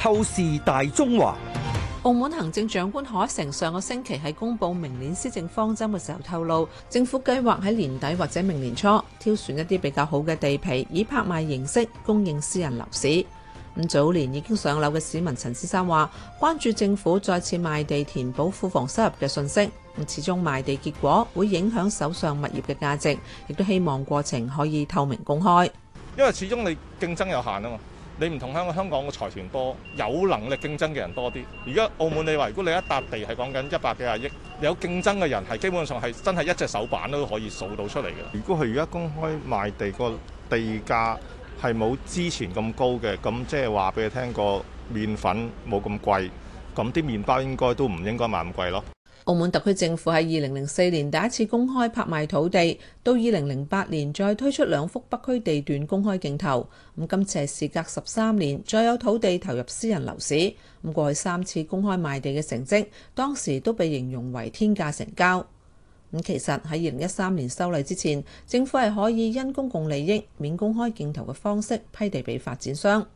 透視大中華，澳門行政長官賀一誠上個星期喺公布明年施政方針嘅時候透露，政府計劃喺年底或者明年初挑選一啲比較好嘅地皮，以拍賣形式供應私人樓市。咁早年已經上樓嘅市民陳先生話，關注政府再次賣地填補庫房收入嘅信息，咁始終賣地結果會影響手上物業嘅價值，亦都希望過程可以透明公開。因為始終你競爭有限啊嘛。你唔同，香香港嘅財團多，有能力競爭嘅人多啲。而家澳門你，你話如果你一笪地係講緊一百幾廿億，有競爭嘅人係基本上係真係一隻手板都可以掃到出嚟嘅。如果佢而家公開賣地個地價係冇之前咁高嘅，咁即係話俾佢聽個麵粉冇咁貴，咁啲麵包應該都唔應該賣咁貴咯。澳門特區政府喺二零零四年第一次公開拍賣土地，到二零零八年再推出兩幅北區地段公開競投。咁今次係事隔十三年再有土地投入私人樓市。咁過去三次公開賣地嘅成績，當時都被形容為天價成交。咁其實喺二零一三年修例之前，政府係可以因公共利益免公開競投嘅方式批地俾發展商。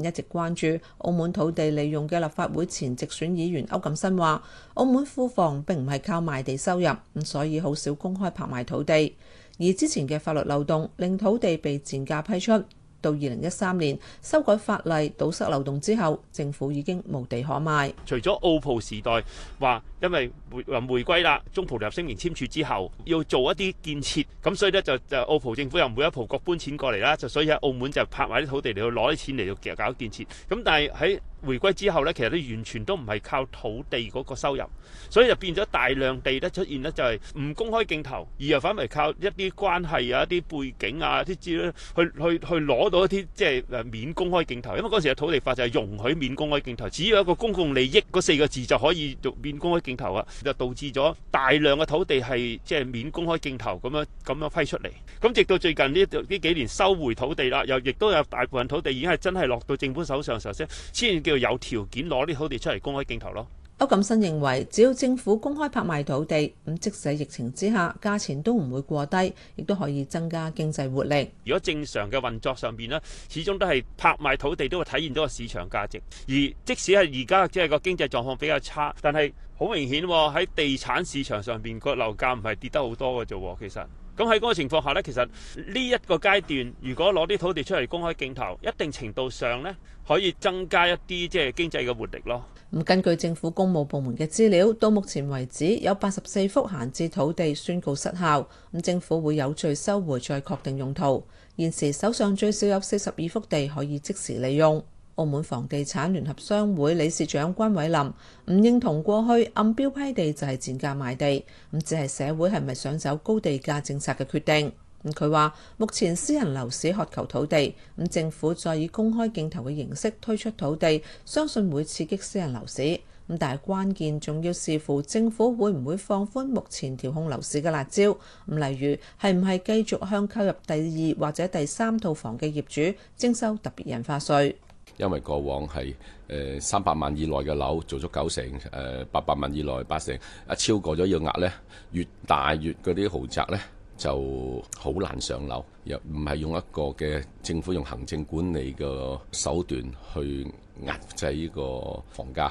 一直關注澳門土地利用嘅立法會前直選議員歐錦新話，澳門庫房並唔係靠賣地收入，咁所以好少公開拍賣土地，而之前嘅法律漏洞令土地被賤價批出。到二零一三年修改法例堵塞漏洞之後，政府已經無地可賣。除咗澳葡時代話，因為回回歸啦，中葡聯合聲明簽署之後，要做一啲建設，咁所以咧就就澳葡政府又每一步各搬錢過嚟啦，就所以喺澳門就拍埋啲土地嚟去攞啲錢嚟去搞建設。咁但係喺回歸之後咧，其實都完全都唔係靠土地嗰個收入，所以就變咗大量地咧出現咧，就係唔公開競投，而又反為靠一啲關係啊、一啲背景啊、啲資料去去去攞到一啲即係誒免公開競投，因為嗰時嘅土地法就係容許免公開競投，只要一個公共利益嗰四個字就可以免公開競投啊，就導致咗大量嘅土地係即係免公開競投咁樣咁樣批出嚟。咁直到最近呢呢幾年收回土地啦，又亦都有大部分土地已經係真係落到政府手上嘅時候先要有條件攞啲土地出嚟公開競投咯。歐錦新認為，只要政府公開拍賣土地，咁即使疫情之下價錢都唔會過低，亦都可以增加經濟活力。如果正常嘅運作上邊咧，始終都係拍賣土地都會體現到個市場價值。而即使係而家即係個經濟狀況比較差，但係好明顯喺地產市場上邊個樓價唔係跌得好多嘅啫。其實。咁喺嗰個情況下呢，其實呢一個階段，如果攞啲土地出嚟公開競投，一定程度上呢，可以增加一啲即係經濟嘅活力咯。咁根據政府公務部門嘅資料，到目前為止有八十四幅閒置土地宣告失效，咁政府會有序收回再確定用途。現時手上最少有四十二幅地可以即時利用。澳門房地產聯合商會理事長關偉林唔認同過去暗標批地就係賤價賣地，咁只係社會係咪想走高地價政策嘅決定。咁佢話目前私人樓市渴求土地，咁政府再以公開競投嘅形式推出土地，相信會刺激私人樓市。咁但係關鍵仲要視乎政府會唔會放寬目前調控樓市嘅辣招，咁例如係唔係繼續向購入第二或者第三套房嘅業主徵收特別印花稅。因為過往係誒三百萬以內嘅樓做咗九成，誒八百萬以內八成，一超過咗要額呢，越大越嗰啲豪宅呢就好難上樓，又唔係用一個嘅政府用行政管理嘅手段去壓制呢個房價。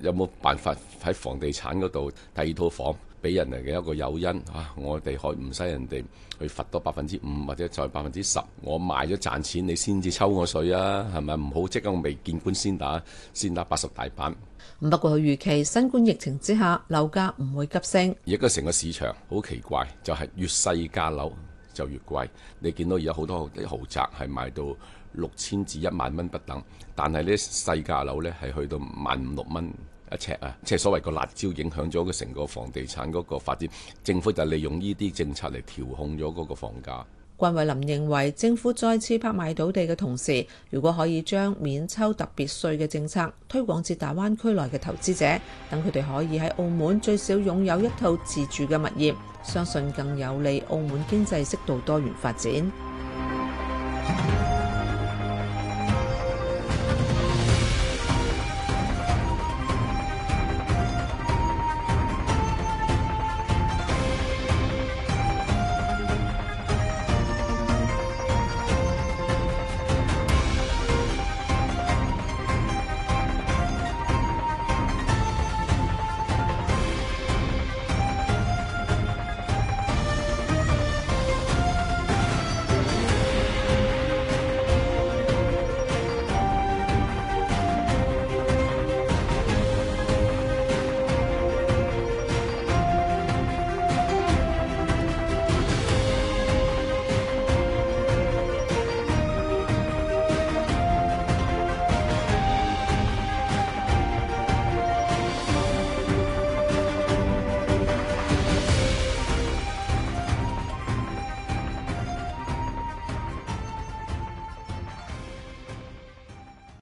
有冇辦法喺房地產嗰度第二套房俾人哋嘅一個誘因啊？我哋可唔使人哋去罰多百分之五或者再百分之十，我賣咗賺錢，你先至抽我水啊？係咪唔好即刻未見官先打先打八十大板？不過佢預期新冠疫情之下樓價唔會急升，而家成個市場好奇怪，就係越細價樓。就越貴，你見到而家好多啲豪宅係賣到六千至一萬蚊不等，但係呢細價樓呢係去到萬五六蚊一尺啊！即係所謂個辣招影響咗個成個房地產嗰個發展，政府就利用呢啲政策嚟調控咗嗰個房價。關偉林認為，政府再次拍賣土地嘅同時，如果可以將免抽特別稅嘅政策推廣至大灣區內嘅投資者，等佢哋可以喺澳門最少擁有一套自住嘅物業，相信更有利澳門經濟適度多元發展。